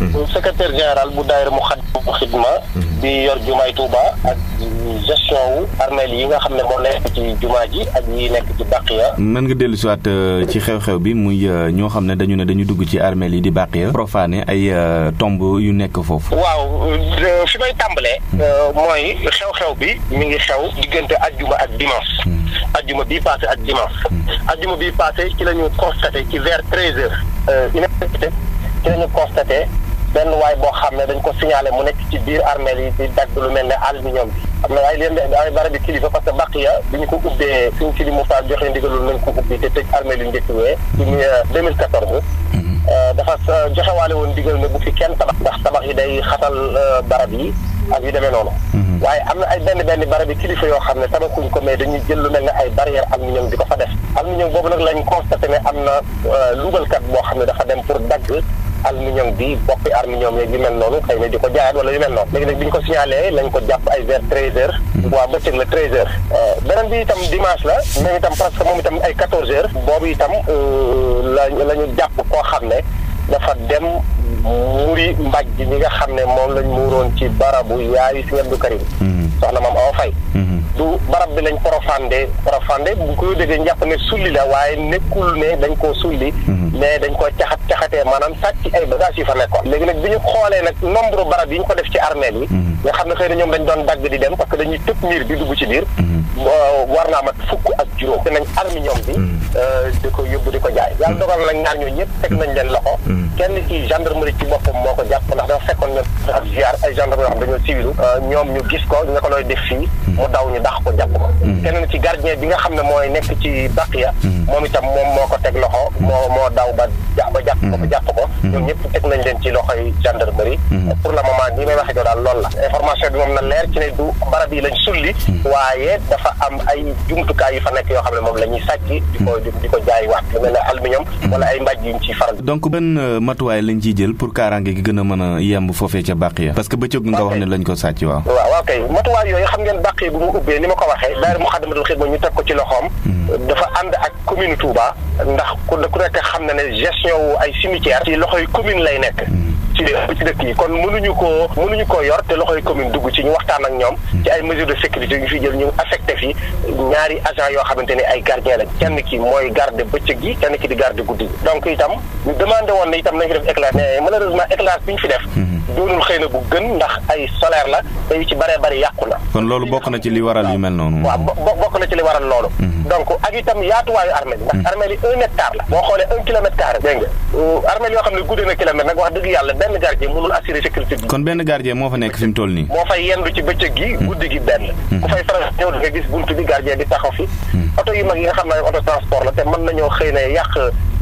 Mhm. secretaire général bu daayira mu xadmu xidma bi mhm. yor jumaay Touba ak gestion wu armel yi nga xam ne moo nekk ci jumaa ji ak yi nekk ci Baqiya mën nga dellu siwaat euh, ci xew-xew bi muy euh, ñoo xam ne dañu ne dañu dugg ci armel yi di Baqiya profané ay euh, tomb yu nekk foofu waaw fi may tàmbalee mhm. mooy xew-xew bi mi ngi xew diggante ajjuma ak dimanche ajjuma bii passé ak dimanche ajjuma bii passé ci la ñu constaté ci vers treize heures une ci la ñu constaté benn waay boo xam ne dañ ko signalé mu nekk ci biir armeel yi di dagg lu mel ne aluminium bi am na ay leen ay barabi kilifa parce que bàq ya bi ñu ko ubbee suñ ci li mu faal joxe ndigalul nañ ko ubbi te tëj armeel yu njëkk wee ci 2014 euh, dafa euh, joxewaale woon ndigal ne bu fi kenn tabax ndax tabax yi day xatal euh, barab yi ak yu demee noonu mhm. waaye am na ay benn benn barabi kilifa yoo xam ne tabaxuñ ko mais dañuy jël lu mel ne ay barrière aluminium di ko fa def aluminium boobu nag lañ constaté ne am na luubalkat boo xam ne dafa dem pour dagg aluminium bi bokki aluminium yeeg yu mel noonu xëy na di ko jaayaat wala yu mel noonu léegi nag bi ñu ko signalé lañ ko jàpp ay vers treize heures hmm. waa bëccëg la treize heures euh, beneen bi itam dimanche la moom itam presque moom itam ay quatorze heures boobu itam euh, la la jàpp koo xam ne dafa dem muri mbaj bi nga xam ne moom lañ muuroon ci barabu yaayu si Abdou Karim mhm. soxna maam Awa Faye mhm. du barab bi lañ profandé profandé bu ko déggee njàpp ne sulli la waaye nekkul ne dañ koo sulli mhm. mais dañ ko caxat caxatee maanaam sàcc ay bagage yu fa nekkoon léegi nag bi ñu xoolee nag nombre barab yi ñu ko def ci armeel yi nga xam ne xëy ne ñoom dañ doon dagg di dem parce que dañuy tëb miir bi dugg ci biir war naa mat fukk ak juróom te nañ armi bi euh, ko yóbbu yàlla dogal na ñaar ñooñu ñëpp teg nañ leen loxo. Hmm. kenn ci gendarmerie ci boppam moo ko jàpp ndax dafa fekkoon ñoom ak ziar ay gendarmerie dañoo civilu euh, ñoom ñu gis ko nga ko looy def fii hmm. mu daw ñu dax ko jàpp ko hmm. keneen ci gardien bi nga xam ne mooy nekk ci ya moom itam moom moo ko teg loxo moo moo daw ba ba jàpp ko ba jàpp ko ñoom ñëpp teg nañ leen loxoy gendarmerie. Mhm. pour le moment nii may waxee ko daal loolu la information bi moom na leer ci ne du barab yi lañ sulli. Mhm. waaye dafa am ay jumtukaay fa nekk yoo xam ne moom la ñuy sàcc. di ko mhm. di ko jaay waat lu mel ne aluminium. wala ay mbaj yuñ ciy faral. donc benn euh, matuwaay lañ ciy jël pour kaaraange gi gën a mën a yemb foofee ca bàq ya. parce que bëccëg nga wax ne lañ ko sàcc waaw. waaw waaw matuwaay yooyu xam ngeen bàq yi bu mu ubbee ni ma ko waxee. daayira Muxaddamatul Xidma ñu teg ko ci loxoom. dafa ànd ak ndax ku nekk xam na ne gestion wu ay cimetière ci loxoy commune lay nekk ci ci dëkk yi kon mënuñu koo mënuñu koo yor te loxoy commune dugg ci ñu waxtaan ak ñoom ci ay mesures de sécurité yu fi jël ñu affecté fi ñaari agent yoo xamante ni ay gardien la kenn ki mooy garde bëccëg gi kenn ki di garde guddi gi donc itam ñu demandé woon na itam nañ fi def éclairage mais malheureusement éclairage bi ñu fi def mhm. doonul xëy na bu gën ndax ay solaire la te yu ci bëree bëri yàqu na kon loolu bokk na ci li waral yu mel noonu waaw bokk na ci li waral loolu mhm. donc ak itam yaatuwaayu armée bi ndax mhm. armée la boo xoolee un kilomètre nga armeel yoo xam ne guddee na kilomètre nag wax dëgg yàlla benn gardien mënul assurer sécurité bi. kon benn gardien moo fa nekk fi mu toll nii. gi. Hmm. guddi gi benn. Hmm. gis buntu bi gardien di taxaw hmm. oto yu mag yi nga xam ne oto transport la te mën nañoo xëy na yàq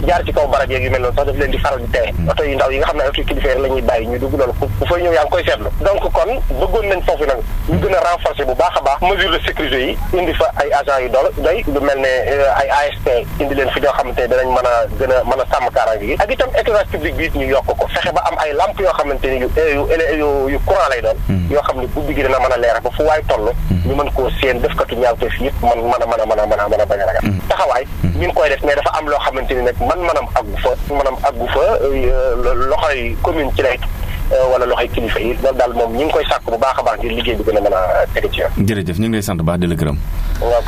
jaar ci kaw barab yeeg yu mel noonu leen di faral di tee. oto yu ndaw ne oto kilifa yi la ñuy bàyyi ñu dugg loolu koy seetlu. donc kon bëggoon nañ foofu nag ñu gën a bu baax a baax mesure de sécurité yi indi fa ay agent yu dool doy lu mel ne euh, ay ASP indi leen fi ñoo xamante danañ mën a gën a mën a sàmm kaaraange gi ak itam éclairage public bi it ñu yokk ko fexe ba am ay lamp yoo xamante ni yu yu yu courant lay doon. Hmm. yoo xam ne guddi gi dina mën a leer ba fu waay toll. Hmm. ñu mën koo séen def katu ñaawteef yëpp man mën a mën a mën a mën a mën a bañ a ragal. Hmm. taxawaay ñu ngi koy def mais dafa am loo xamante ni nag man manam aggu fa manam aggu fa euh, loxoy commune ci lay. Euh, wala loxoy kilifa yi loolu daal moom ñu ngi koy sàkk bu baax a baax ngir liggéey bi gën a mën a tege ci yoon. jërëjëf ñu ngi lay sant baax di la gërëm.